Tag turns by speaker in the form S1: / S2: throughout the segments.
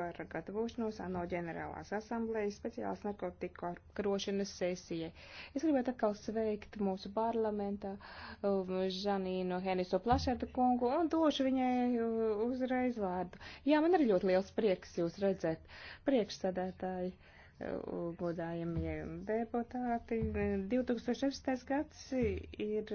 S1: par gatavošanos ANO ģenerālās asamblējas speciālas narkotiku karošanas sesijai. Es gribētu atkal sveikt mūsu parlamentā um, Žanīnu Heniso Plašardu kungu un došu viņai uh, uzreiz vārdu. Jā, man arī ļoti liels prieks jūs redzēt, priekšsēdētāji. Uh, godājamie deputāti. 2016. gads ir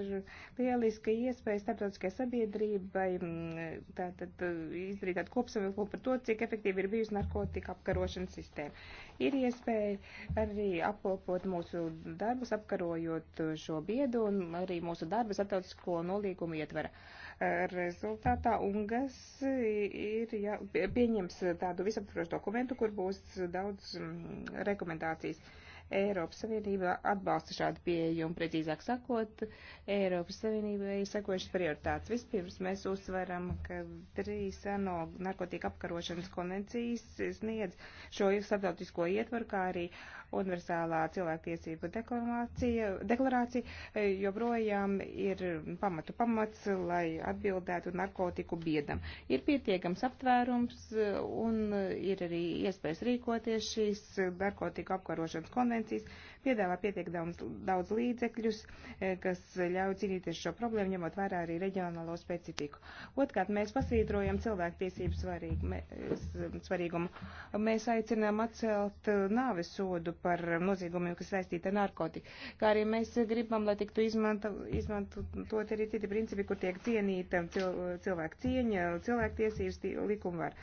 S1: lieliska iespēja starptautiskajai sabiedrībai mm, tātad eh, izdarīt tādu kopsavilkumu par to, cik efektīvi ir bijusi narkotika apkarošanas sistēma. Ir iespēja arī apkopot mūsu darbus, apkarojot šo biedu un arī mūsu darbu starptautisko nolīgumu ietvera. Uh, rezultātā UNGAS ir ja, pieņems tādu visaptvarošu dokumentu, kur būs daudz mm, rekomendācijas. Eiropas Savienība atbalsta šādu pieeju un, precīzāk sakot, Eiropas Savienībai sekojušas prioritātes. Vispirms mēs uzsveram, ka trīs ANO narkotika apkarošanas konvencijas sniedz šo starptautisko ietvaru, kā arī uh, universālā cilvēktiesība deklarācija e, joprojām ir pamatu pamats, lai atbildētu narkotiku biedam. Ir pietiekams aptvērums e, un ir arī iespējas rīkoties šīs narkotiku apkarošanas konvencijas piedāvā pietiek daudz, daudz līdzekļus, e, kas ļauj cīnīties šo problēmu, ņemot vērā arī reģionālo specifiku. Otkārt, mēs pasvītrojam cilvēktiesību svarīgu, mēs, svarīgumu. Mēs aicinām atcelt e, nāves sodu par noziegumiem, kas saistīti ar narkotiku. Kā arī mēs gribam, lai tiktu izmanto, izmantot arī citi principi, kur tiek cienīta cil, cilvēka cieņa, cilvēktiesības likuma var.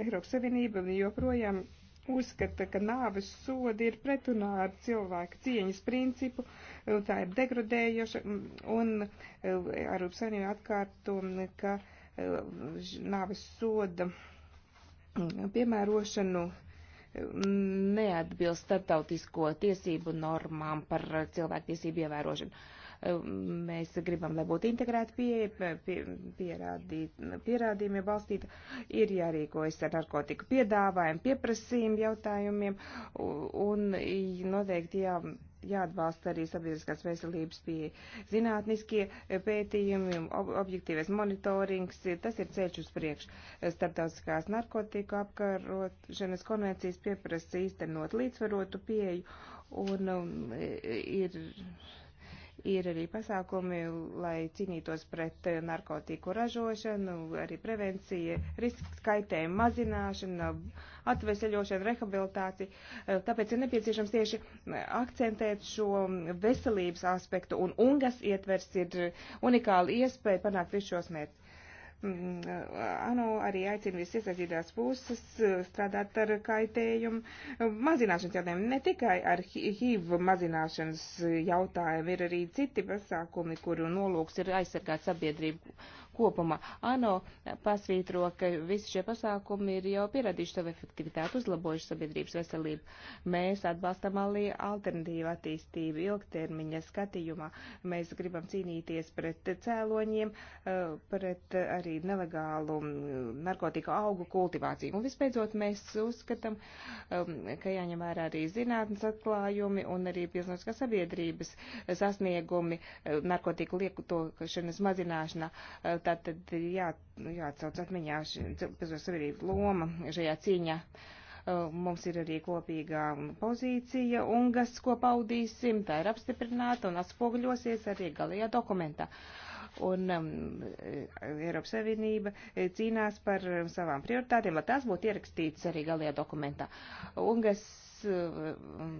S1: Eiropas Savienība joprojām uzskata, ka nāves sodi ir pretunā ar cilvēku cieņas principu, tā ir degradējoša, un eh, ar upsainību atkārto, ka eh, nāves soda mm, piemērošanu mm, neatbilst starptautisko tiesību normām par eh, cilvēktiesību ievērošanu. Mēs gribam, lai būtu integrēta pieeja, pie, pierādī, pierādījumi balstīta, ir jārīkojas ar narkotiku piedāvājumu, pieprasījumu jautājumiem un noteikti jā jāatbalsta arī sabiedriskās veselības pie zinātniskie pētījumi, ob objektīvais monitorings. Tas ir ceļš uz priekšu. Startautiskās narkotiku apkarošanas konvencijas pieprasa īstenot līdzvarotu pieeju un um, ir Ir arī pasākumi, lai cīnītos pret eh, narkotiku ražošanu, arī prevencija, riska kaitējuma mazināšana, atveseļošana, rehabilitācija. Eh, tāpēc ir nepieciešams tieši eh, akcentēt šo mm, veselības aspektu, un UNGAS ietvers ir unikāla iespēja panākt visus šos mērķus. ANO arī aicina visas iesaistītās puses strādāt ar kaitējumu mazināšanas jautājumu. Ne tikai ar HIV mazināšanas jautājumu, ir arī citi pasākumi, kuru nolūks ir aizsargāt sabiedrību kopumā. ANO pasvītro, ka visi šie pasākumi ir jau pierādījuši savu efektivitāti, uzlabojuši sabiedrības veselību. Mēs atbalstam arī alternatīvu attīstību ilgtermiņa skatījumā. Mēs gribam cīnīties pret cēloņiem, eh, pret arī nelegālu mm, narkotika augu kultivāciju. Un vispēcot, mēs uzskatām, um, ka jāņem vērā arī zinātnes atklājumi un arī pilsoniskās sabiedrības sasniegumi eh, narkotiku lietošanas mazināšanā. Eh, tā tad jā, jāatsauc atmiņā pilsētas savienības loma šajā cīņā. Uh, mums ir arī kopīgā pozīcija, un kas, ko paudīsim, tā ir apstiprināta un atspoguļosies arī galajā dokumentā un um, e, Eiropas Savienība e, cīnās par um, savām prioritātēm, lai tās būtu ierakstītas arī galajā dokumentā. Un kas e, um,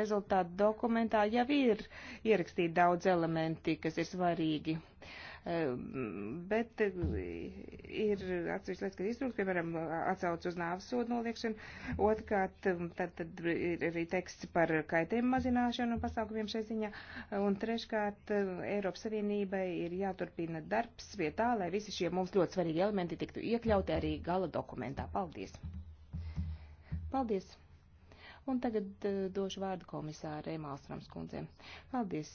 S1: rezultātu dokumentā jau ir ierakstīti daudz elementi, kas ir svarīgi. Uh, bet eh, ir atsevišķi lietas, kas iztrūks, piemēram, atsauc uz nāves sodu noliekšanu. Otrkārt, tad, tad ir arī teksts par kaitējumu mazināšanu un pasākumiem šai ziņā. Un treškārt, Eiropas Savienībai ir jāturpina darbs pie tā, lai visi šie mums ļoti svarīgi elementi tiktu iekļauti arī gala dokumentā. Paldies! Paldies! Un tagad eh, došu vārdu komisārai Mālstrams kundzei. Paldies!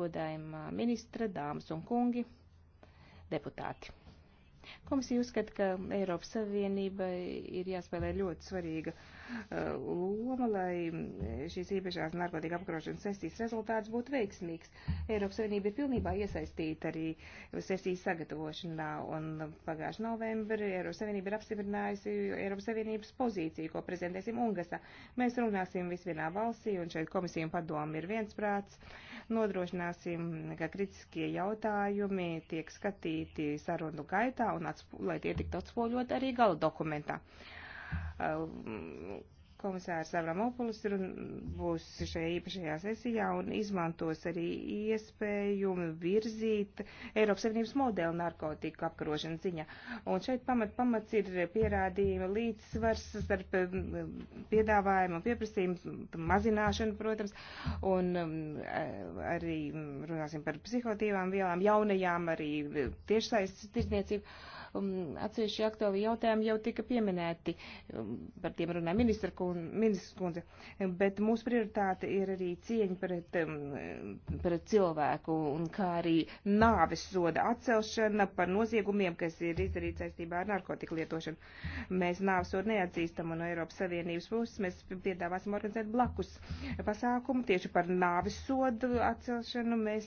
S1: godājumā ministra, dāmas un kungi, deputāti. Komisija uzskata, ka Eiropas Savienībai ir jāspēlē ļoti svarīga uh, loma, lai šīs iepriekšējās narkotika apkarošanas sesijas rezultāts būtu veiksmīgs. Eiropas Savienība ir pilnībā iesaistīta arī sesijas sagatavošanā, un pagājušā novembrī Eiropas Savienība ir apstiprinājusi Eiropas Savienības pozīciju, ko prezentēsim Ungasa. Mēs runāsim visvienā valstī, un šeit komisija un padomi ir viensprāts. Nodrošināsim, ka kritiskie jautājumi tiek skatīti sarunu gaitā, un atspo, lai tie tiktu atspoļot arī gala dokumentā. Uh, komisārs Avramopulis būs šajā īpašajā sesijā un izmantos arī iespēju virzīt Eiropas Savienības modeli narkotiku apkarošanas ziņā. Un šeit pamat, pamats ir pierādījuma līdzsvars starp piedāvājumu un pieprasījumu mazināšanu, protams, un arī runāsim par psihotīvām vielām, jaunajām arī tiešsaistes tirdzniecību Um, atsevišķi aktuāli jautājumi jau tika pieminēti, um, par tiem runā ministra kundze, um, bet mūsu prioritāte ir arī cieņa pret, pret cilvēku un kā arī nāves soda atcelšana par noziegumiem, kas ir izdarīts saistībā ar narkotiku lietošanu. Mēs nāves sodu neatzīstam un no Eiropas Savienības puses mēs piedāvāsim organizēt blakus pasākumu tieši par nāves sodu atcelšanu. Mēs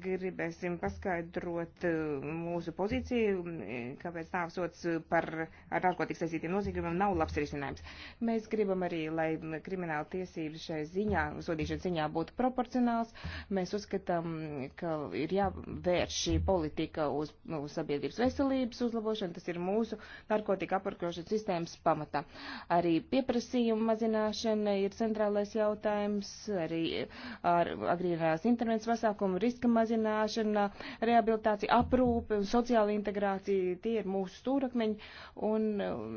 S1: gribēsim paskaidrot uh, mūsu pozīciju kāpēc nāves sots par ar narkotikas saistītiem noziegumiem nav labs risinājums. Mēs gribam arī, lai krimināla tiesības šai ziņā, sodīšanas ziņā būtu proporcionāls. Mēs uzskatām, ka ir jāvērš šī politika uz, uz sabiedrības veselības uzlabošanu. Tas ir mūsu narkotika apurkošanas sistēmas pamatā. Arī pieprasījuma mazināšana ir centrālais jautājums, arī eh, ar agrīnās intervences pasākumu riska mazināšana, rehabilitācija, aprūpe un sociāla integrācija tie ir mūsu stūrakmeņi, un um,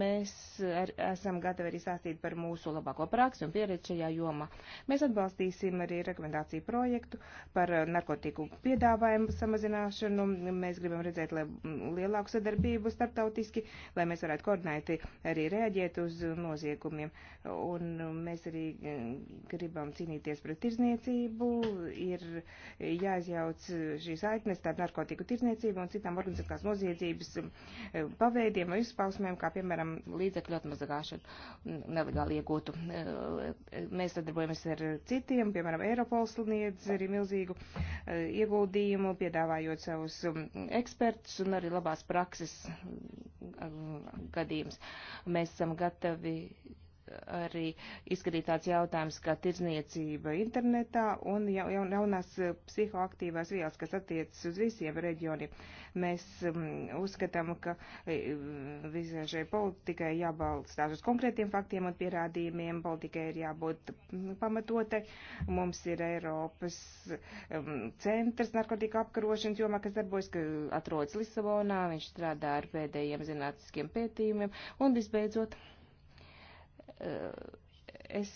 S1: mēs ar, esam gatavi arī stāstīt par mūsu labāko praksi un pieredzi šajā jomā. Mēs atbalstīsim arī rekomendāciju projektu par uh, narkotiku piedāvājumu samazināšanu. Mēs gribam redzēt mm, lielāku sadarbību starptautiski, lai mēs varētu koordinēti arī reaģēt uz noziegumiem. Un um, mēs arī mm, gribam cīnīties pret tirzniecību. Ir jāizjauc šīs aitnes starp narkotiku tirzniecību un citām organizētās noziegumiem noziedzības um, paveidiem vai izpausmēm, kā piemēram līdzekļu atmazgāšanu mm, nelegāli iegūtu. Uh, mēs sadarbojamies ar citiem, piemēram, Eiropols sniedz arī milzīgu uh, ieguldījumu, piedāvājot savus um, ekspertus un arī labās prakses um, gadījumus. Mēs esam gatavi arī izskatīt tāds jautājums kā tirzniecība internetā un ja, ja, jaunās eh, psihoaktīvās vielas, kas attiecas uz visiem reģioniem. Mēs um, uzskatām, ka eh, visai šai politikai jābalstās uz konkrētiem faktiem un pierādījumiem, politikai ir jābūt mm, pamatotai. Mums ir Eiropas um, centrs narkotika apkarošanas jomā, kas darbojas, ka atrodas Lisabonā, viņš strādā ar pēdējiem zinātniskiem pētījumiem un visbeidzot. Eh, es,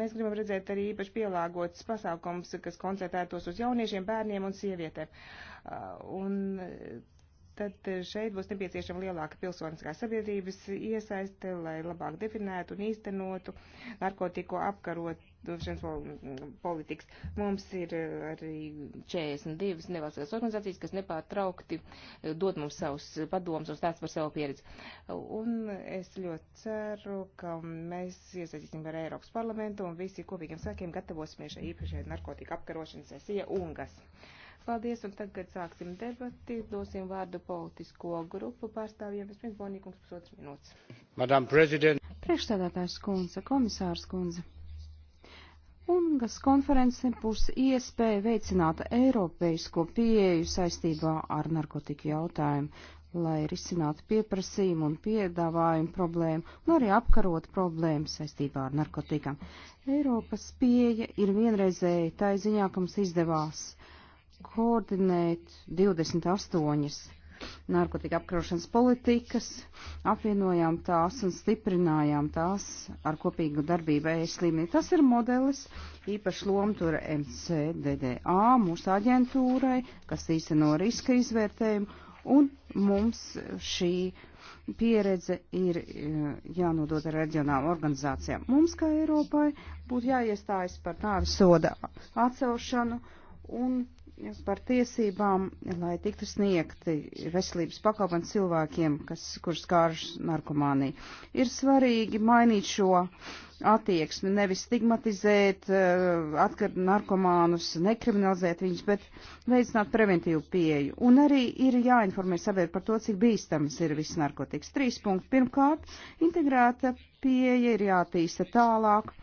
S1: mēs gribam redzēt arī īpaši pielāgotas pasākums, kas koncentrētos uz jauniešiem, bērniem un sievietēm. Eh, un tad eh, šeit būs nepieciešama lielāka pilsoniskā sabiedrības iesaiste, lai labāk definētu un īstenotu narkotiku apkarošanas politikas. Mums ir eh, arī 42 nevalstiskās organizācijas, kas nepārtraukti eh, dod mums savus padomus un stāsts par savu pieredzi. Un es ļoti ceru, ka mēs iesaistīsim ar Eiropas parlamentu un visi kopīgiem sakiem gatavosimies šai īpašai narkotika apkarošanas sesija UNGAS. Paldies, un tagad sāksim debati. Dosim vārdu politisko grupu pārstāvjiem. Vispirms Bonīkums pusotras minūtes.
S2: Madam President.
S3: Priekšstādātājs kundze, komisārs kundze. Ungas konference būs iespēja veicināt eiropeisko pieeju saistībā ar narkotiku jautājumu, lai risinātu pieprasījumu un piedāvājumu problēmu, un arī apkarot problēmu saistībā ar narkotikām. Eiropas pieeja ir vienreizēja, tā ziņā, ka mums izdevās koordinēt 28 narkotika apkarošanas politikas, apvienojām tās un stiprinājām tās ar kopīgu darbību ES līmenī. Tas ir modelis, īpaši loma tur MCDDA, mūsu aģentūrai, kas īsteno riska izvērtējumu, un mums šī pieredze ir eh, jānodod ar reģionālu organizācijām. Mums, kā Eiropai, būtu jāiestājas par nāvis soda atcelšanu un par tiesībām, lai tiktu sniegti veselības pakalpojumi cilvēkiem, kas, kurus skārš narkomānija. Ir svarīgi mainīt šo attieksmi, nevis stigmatizēt, eh, atkat narkomānus, nekriminalizēt viņus, bet veicināt preventīvu pieeju. Un arī ir jāinformē sabiedrību par to, cik bīstamas ir viss narkotikas. Trīs punkti. Pirmkārt, integrēta pieeja ir jātīsta tālāk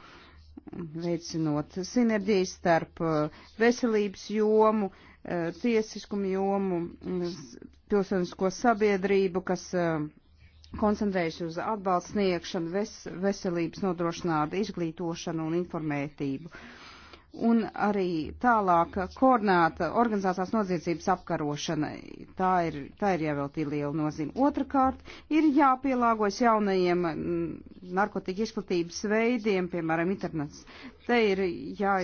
S3: veicinot sinerģijas starp eh, veselības jomu, eh, tiesiskumu jomu, pilsonisko sabiedrību, kas eh, koncentrējas uz atbalstu sniegšanu, ves veselības nodrošinātu, izglītošanu un informētību. Uh, un arī tālāk koordinēta organizācijas noziedzības apkarošana. Tā ir, tā ir jāveltī liela nozīme. Otrakārt, ir jāpielāgojas jaunajiem mm, narkotika izplatības veidiem, piemēram, internets. Te ir jā,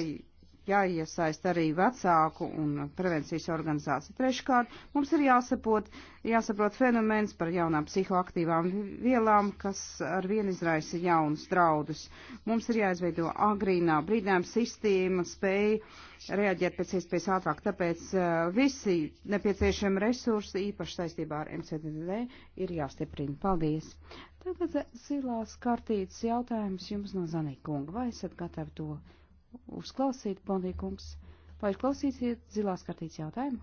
S3: jāiesaist arī vecāku un prevencijas organizācija. Treškārt, mums ir jāsaprot, jāsaprot fenomens par jaunām psihoaktīvām vielām, kas ar vienu izraisa jaunus draudus. Mums ir jāizveido agrīnā brīdinājuma sistēma, spēja reaģēt pēc iespējas ātrāk, tāpēc uh, visi nepieciešami resursi, īpaši saistībā ar MCDD, ir jāstiprina. Paldies! Tagad uh, zilās kartītes jautājums jums no Zanīkunga. Vai esat gatavi to? uzklausīt, Bondīkungs. Vai klausīsiet zilās kartītes jautājumu?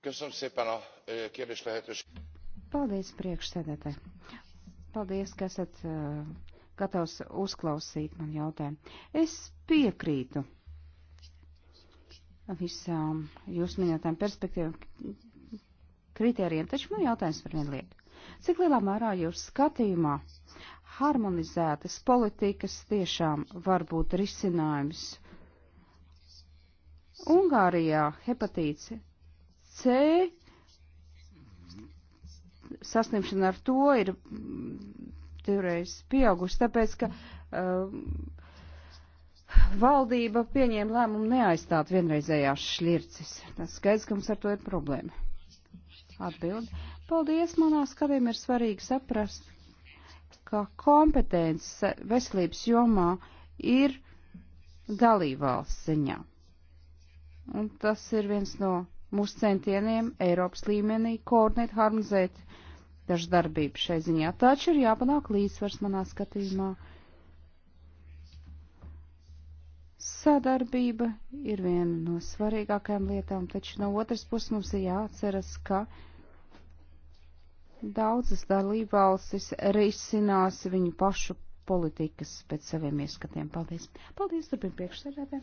S1: Köszönöm szépen a kérdés lehetőséget.
S3: Paldies, priekšsēdētāji. Paldies, ka esat uh, gatavs uzklausīt man jautājumu. Es piekrītu visām jūs minētām perspektīvām kritērijiem, taču man jautājums par vienu lietu. Cik lielā mērā jūs skatījumā harmonizētas politikas tiešām var būt risinājums? Ungārijā hepatīts C saslimšana ar to ir mm, divreiz pieaugusi, tāpēc, ka uh, valdība pieņēma lēmumu neaizstāt vienreizējās šļircis. Tas skaidrs, ka mums ar to ir problēma. Atbildi. Paldies, manā skatījumā ir svarīgi saprast, ka kompetence veselības jomā ir dalībvalsts ziņā. Un tas ir viens no mūsu centieniem Eiropas līmenī koordinēt, harmonizēt dažu darbību šai ziņā. Taču ir jāpanāk līdzsvars manā skatījumā. Sadarbība ir viena no svarīgākajām lietām, taču no otras puses mums ir jāatceras, ka Daudzas dalībvalstis risinās viņu pašu politikas pēc saviem ieskatiem. Paldies. Paldies, turpin priekšsēdētē.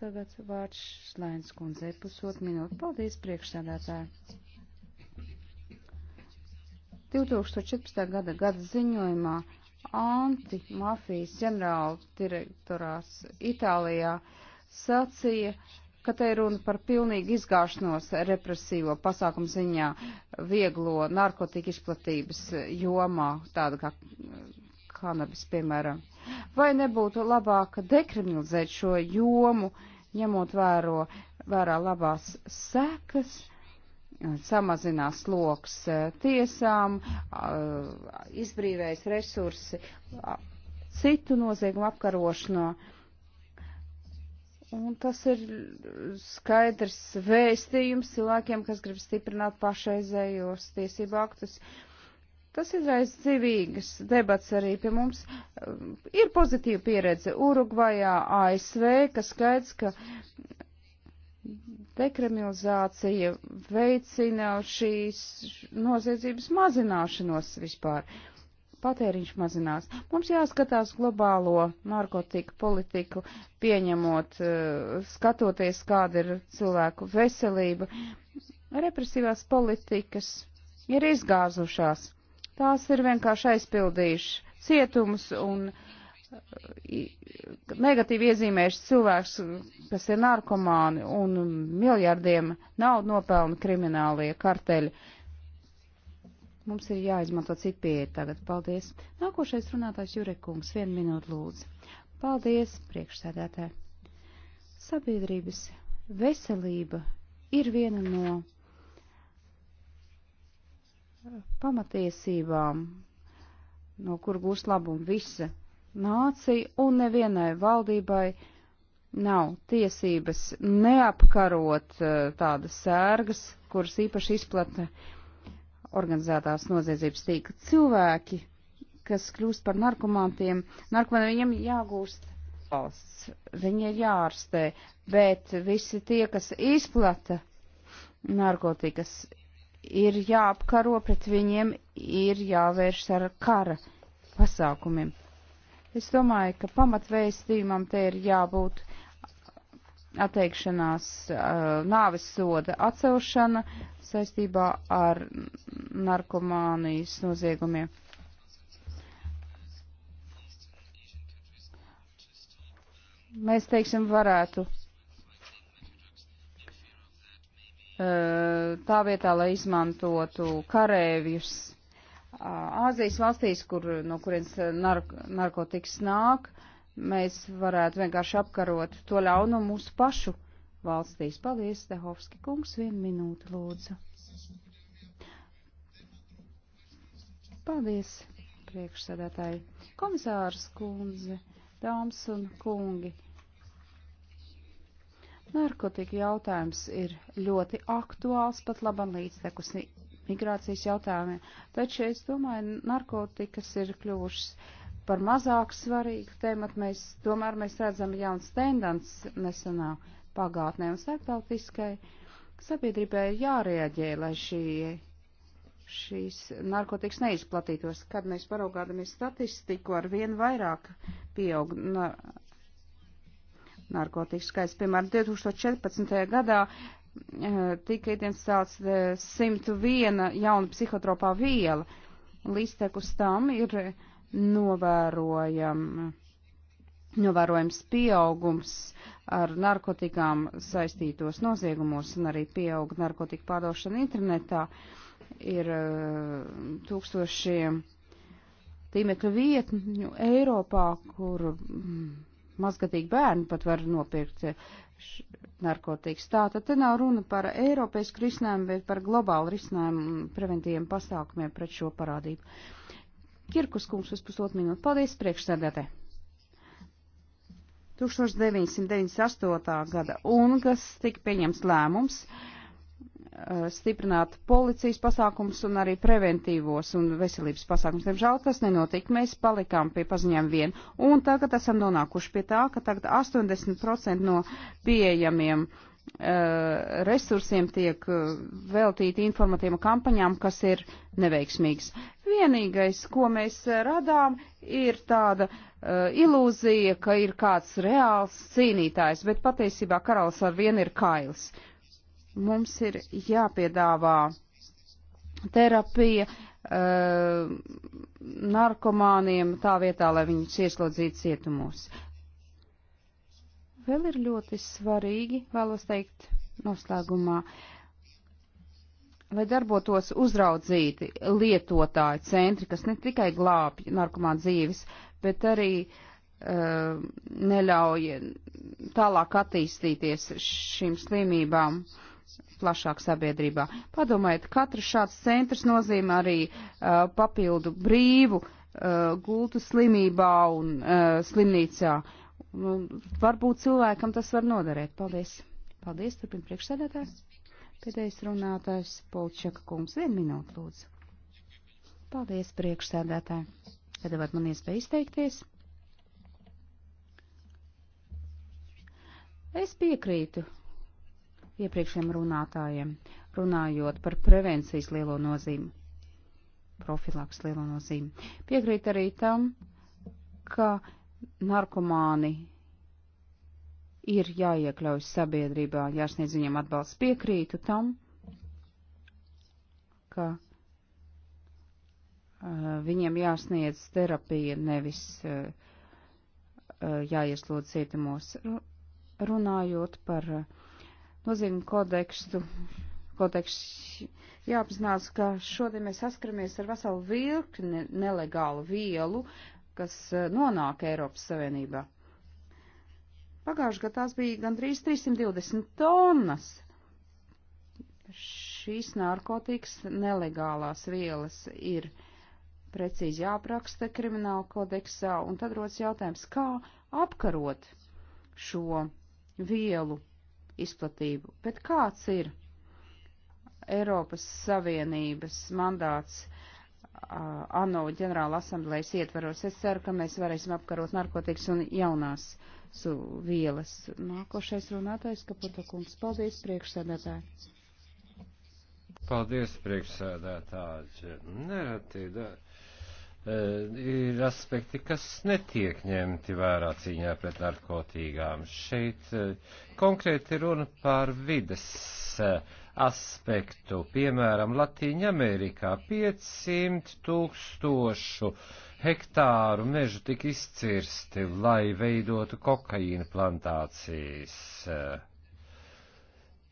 S3: Tagad vārds Šlēns kundzei pusot minūti. Paldies, priekšsēdētāji. 2014. gada gada ziņojumā antimafijas ģenerāla direktorās Itālijā sacīja, ka te ir runa par pilnīgu izgāšanos represīvo pasākumu ziņā vieglo narkotiku izplatības jomā, tāda kā kanabis, eh, piemēram. Vai nebūtu labāk dekriminalizēt šo jomu, ņemot vēro, vērā labās sekas, samazinās sloks eh, tiesām, eh, izbrīvējas resursi citu noziegumu apkarošanā? No Un tas ir skaidrs vēstījums cilvēkiem, kas grib stiprināt pašreizējos tiesību aktus. Tas izraisa dzīvīgas debats arī pie mums. Ir pozitīva pieredze Urugvajā, ASV, kas skaidrs, ka dekriminalizācija veicina šīs noziedzības mazināšanos vispār. Uh, patēriņš mazinās. Mums jāskatās globālo narkotiku politiku, pieņemot, eh, skatoties, kāda ir cilvēku veselība. Represīvās politikas ir izgāzušās. Tās ir vienkārši aizpildījušas cietums un eh, negatīvi iezīmējuši cilvēks, kas ir narkomāni un miljardiem naudu nopelna kriminālie karteļi. Mums ir jāizmanto citu pieeju tagad. Paldies. Nākošais runātājs Jurekungs, vienu minūtu lūdzu. Paldies, priekšsēdētāji. Sabiedrības veselība ir viena no pamatiesībām, no kur gūs labumu visa nācija, un nevienai valdībai nav tiesības neapkarot eh, tādas sērgas, kuras īpaši izplata organizētās noziedzības tīka. Cilvēki, kas kļūst par narkomāntiem, narkomāntiem jāgūst valsts, viņi ir jārastē, bet visi tie, kas izplata narkotikas, ir jāapkaro, pret viņiem ir jāvērš ar kara pasākumiem. Es domāju, ka pamatvēstījumam te ir jābūt atteikšanās eh, nāves soda atcelšana saistībā ar narkomānijas noziegumiem. Mēs, teiksim, varētu eh, tā vietā, lai izmantotu karēvjus eh, Āzijas valstīs, kur, no kurienes nark narkotikas nāk, uh, mēs varētu vienkārši apkarot to ļaunumu mūsu pašu valstīs. Paldies, Dehovski kungs, vienu minūtu lūdzu. Paldies, priekšsēdētāji. Komisārs kundze, dāmas un kungi. Narkotika jautājums ir ļoti aktuāls, pat labam līdztekus migrācijas jautājumiem, taču es domāju, narkotikas ir kļuvušas par mazāk svarīgu tēmatu mēs, tomēr mēs redzam jauns tendants nesenā pagātnē un starptautiskai sabiedrībai jārēģē, lai šī, šīs narkotikas neizplatītos. Kad mēs paraugādamies statistiku, ar vien vairāk pieaug na, narkotiku skaits. Piemēram, 2014. gadā eh, tika identificēts 101 eh, jauna psihotropā viela. Līdz tekus tam ir novērojam, novērojams pieaugums ar narkotikām saistītos noziegumos un arī pieaug narkotika pārdošana internetā. Ir eh, tūkstošiem tīmekļa vietņu Eiropā, kur mm, mazgatīgi bērni pat var nopirkt eh, narkotikas. Tā tad te nav runa par Eiropas risinājumu, bet par globālu risinājumu preventīviem pasākumiem pret šo parādību. Kirkus kungs uz pusotru minūtu. Paldies, priekšsēdētē. 1998. gada UNGAS tika pieņems lēmums eh, stiprināt policijas pasākums un arī preventīvos un veselības pasākums. Diemžēl tas nenotika, mēs palikām pie paziņām vien. Un tagad esam nonākuši pie tā, ka tagad 80% no pieejamiem uh, Eh, resursiem tiek eh, veltīti informatīva kampaņām, kas ir neveiksmīgas. Vienīgais, ko mēs eh, radām, ir tāda uh, ilūzija, ka ir kāds reāls cīnītājs, bet patiesībā karalis ar vienu ir kails. Mums ir jāpiedāvā terapija uh, narkomāniem tā vietā, lai viņi cieslodzītu cietumos vēl ir ļoti svarīgi, vēlos teikt noslēgumā, lai darbotos uzraudzīti lietotāju centri, kas ne tikai glābj narkomā dzīves, bet arī uh, neļauj tālāk attīstīties šīm slimībām plašāk sabiedrībā. Padomājiet, katrs šāds centrs nozīmē arī uh, papildu brīvu uh, gultu slimībā un uh, slimnīcā. Uh, Varbūt cilvēkam tas var noderēt. Paldies. Paldies, turpin priekšsēdētājs. Pēdējais runātājs Polčaka kungs. Vienu minūtu, lūdzu. Paldies, priekšsēdētāji. Tad var man iespēja izteikties. Es piekrītu iepriekšējiem runātājiem, runājot par prevencijas lielo nozīmi, profilaks lielo nozīmi. Piekrīt arī tam, ka narkomāni ir jāiekļauj sabiedrībā, jāsniedz viņiem atbalsts. Piekrītu tam, ka viņiem jāsniedz terapija, nevis jāieslodz cietumos. Runājot par nozīmju kodekstu, kodekstu jāapzinās, ka šodien mēs saskaramies ar veselu virkni nelegālu vielu, kas eh, nonāk Eiropas Savienībā. Pagājušajā gadā tās bija gandrīz 320 tonnas. Šīs narkotikas nelegālās vielas ir precīzi jāapraksta krimināla kodeksā, un tad rodas jautājums, kā apkarot šo vielu izplatību, bet kāds ir Eiropas Savienības mandāts Uh, ANO ģenerāla asamblējas ietvaros. Es ceru, ka mēs varēsim apkarot narkotikas un jaunās su vielas. Nākošais runātājs, Kaputa kungs. Paldies, priekšsēdētāji.
S2: Paldies, priekšsēdētāji. Nereti, da, e, ir aspekti, kas netiek ņemti vērā cīņā pret narkotīgām. Šeit e, konkrēti runa par vides. E, aspektu. Piemēram, Latīņa Amerikā 500 tūkstošu hektāru mežu tika izcirsti, lai veidotu kokaīna plantācijas.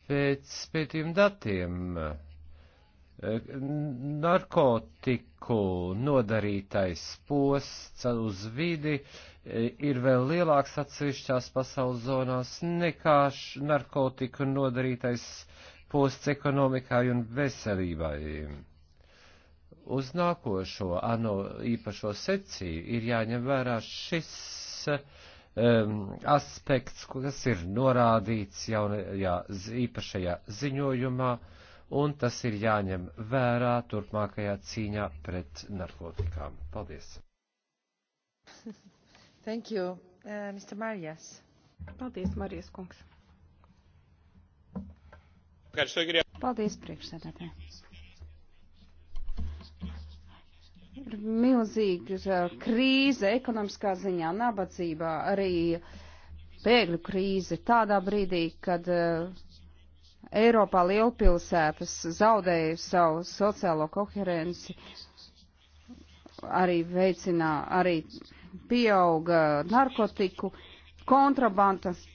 S2: Pēc pētījuma datiem narkotiku nodarītais posts uz vidi e, ir vēl lielāks atsevišķās pasaules zonās nekā narkotiku nodarītais ārpus ekonomikai un veselībai. Uz nākošo ANO īpašo secīju ir jāņem vērā šis um, aspekts, kas ir norādīts jaunajā īpašajā ziņojumā, un tas ir jāņem vērā turpmākajā cīņā pret narkotikām. Paldies!
S1: Thank you, uh, Mr. Marijas. Paldies, Marijas kungs.
S2: Paldies,
S3: priekšsēdētāji. Ir milzīga uh, krīze ekonomiskā ziņā, nabadzībā, arī bēgļu krīze tādā brīdī, kad uh, Eiropā lielpilsētas zaudēja savu sociālo koherenci, arī veicinā, arī pieauga narkotiku kontrabandas.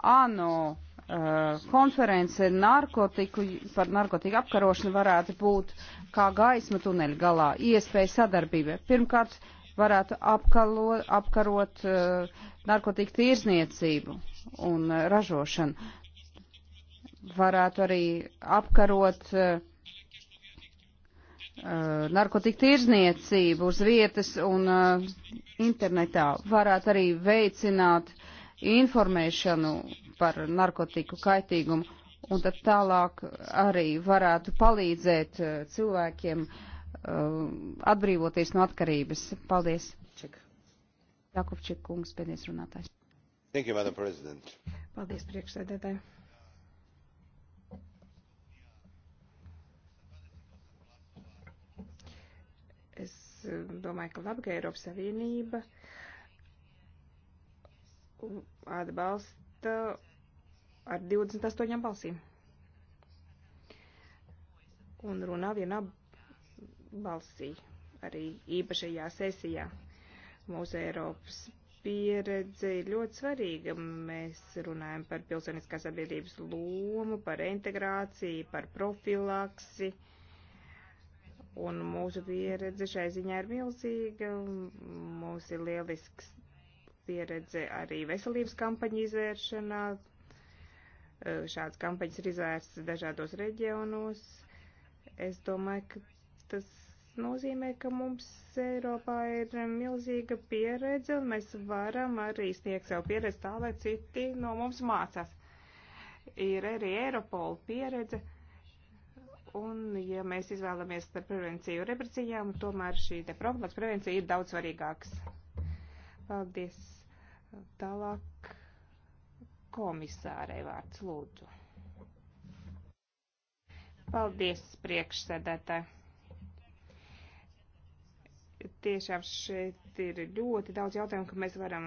S3: ANO Eh, konference narkotiku, par narkotiku apkarošanu varētu būt kā gaisma tuneļa galā, iespēja sadarbībai. Pirmkārt, varētu apkalo, apkarot uh, narkotiku tirzniecību un uh, ražošanu. Varētu arī apkarot uh, narkotiku tirzniecību uz vietas un uh, internetā. Varētu arī veicināt informēšanu par narkotiku kaitīgumu, un tad tālāk arī varētu palīdzēt uh, cilvēkiem uh, atbrīvoties no atkarības. Paldies. Jakubčik kungs, pēdējais runātājs.
S2: Thank you, Madam President.
S3: Paldies, priekšsēdētāji.
S1: Es uh, domāju, ka labi, ka Eiropas Savienība atbalsta ar 28 balsīm. Un runā vienā balsī arī īpašajā sesijā. Mūsu Eiropas pieredze ir ļoti svarīga. Mēs runājam par pilsoniskā sabiedrības lomu, par integrāciju, par profilaksi. Un mūsu pieredze šai ziņā ir milzīga. Mums ir lielisks pieredze arī veselības kampaņu izvēršanā, Eh, šādas kampaņas ir izvērstas dažādos reģionos. Es domāju, ka tas nozīmē, ka mums Eiropā ir milzīga pieredze, un mēs varam arī sniegt savu pieredzi tā, lai citi no mums mācās. Ir arī Eiropola pieredze, un ja mēs izvēlamies starp prevenciju un represijām, tomēr šī te profilaks prevencija ir daudz svarīgāks. Paldies. Tālāk komisārei vārds lūdzu. Paldies, priekšsēdētāji. Tiešām šeit ir ļoti daudz jautājumu, ka mēs varam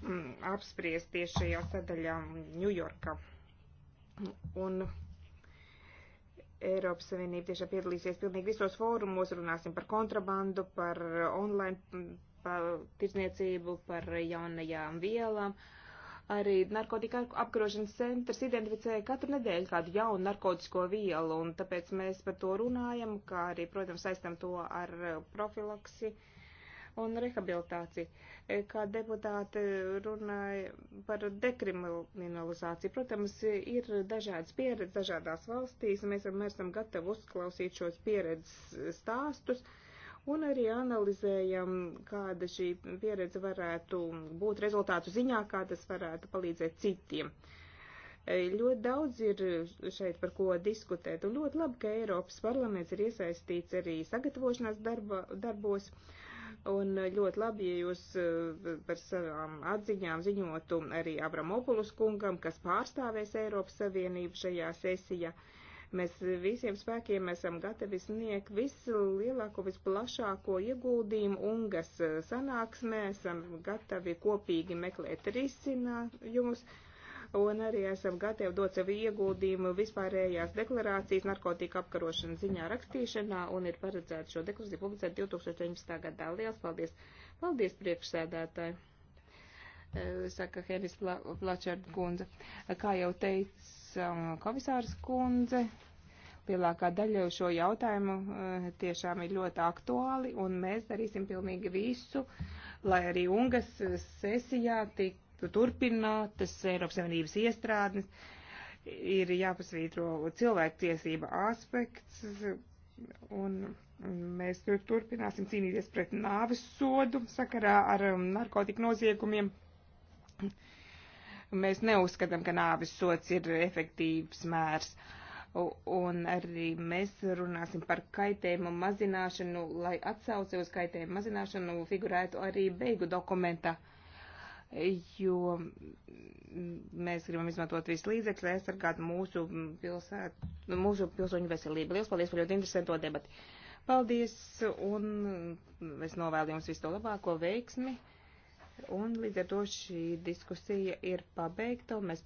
S1: mm, apspriest tieši šajā sadaļā Ņujorka. Un Eiropas Savienība tiešām piedalīsies pilnīgi visos fórumos, runāsim par kontrabandu, par online pa, tirdzniecību, par jaunajām vielām. Uh, Arī narkotika apkarošanas centrs identificēja katru nedēļu kādu jaunu narkotisko vielu, un tāpēc mēs par to runājam, kā arī, protams, saistam to ar uh, profilaksi un rehabilitāciju. E, kā deputāte runāja par dekriminalizāciju, protams, ir dažādas pieredzes dažādās valstīs, un mēs vienmēr esam gatavi uzklausīt šos pieredzes e, stāstus. Uh, un arī analizējam, kāda šī pieredze varētu būt rezultātu ziņā, kā tas varētu palīdzēt citiem. E, ļoti daudz ir šeit par ko diskutēt, un ļoti labi, ka Eiropas parlaments ir iesaistīts arī sagatavošanās darba, darbos, un ļoti labi, ja jūs e, par savām atziņām ziņotu arī Abramopulus kungam, kas pārstāvēs Eiropas Savienību šajā sesijā. Uh, Mēs visiem spēkiem esam gatavi sniegt vislielāko, visplašāko ieguldījumu UNGAS e, sanāksmē, esam gatavi kopīgi meklēt risinājumus. Un arī esam gatavi dot savu ieguldījumu vispārējās deklarācijas narkotika apkarošanas ziņā rakstīšanā un ir paredzēts šo deklarāciju publicēt 2019. gadā. Lielas paldies! Paldies priekšsēdētāji! E, saka Henis Plačard Gunza. Kā jau teicu, Um, komisārs kundze. Lielākā daļa šo jautājumu uh, tiešām ir ļoti aktuāli, un mēs darīsim pilnīgi visu, lai arī UNGAS sesijā tiktu turpinātas Eiropas Savienības iestrādnes. Ir jāpasvītro cilvēktiesība aspekts, un mēs turpināsim cīnīties pret nāves sodu sakarā ar um, narkotiku noziegumiem Mēs neuzskatām, ka nāvis sots ir efektīvs mērs. Un arī mēs runāsim par kaitējumu mazināšanu, lai atsauce uz kaitējumu mazināšanu figurētu arī beigu dokumentā jo mēs gribam izmantot visu līdzekļu, lai aizsargātu mūsu, pilsēt, mūsu pilsoņu veselību. Lielas paldies par ļoti interesanto debati. Paldies, un es novēlu jums visu to labāko veiksmi. Un līdz ar to šī diskusija ir pabeigta, un mēs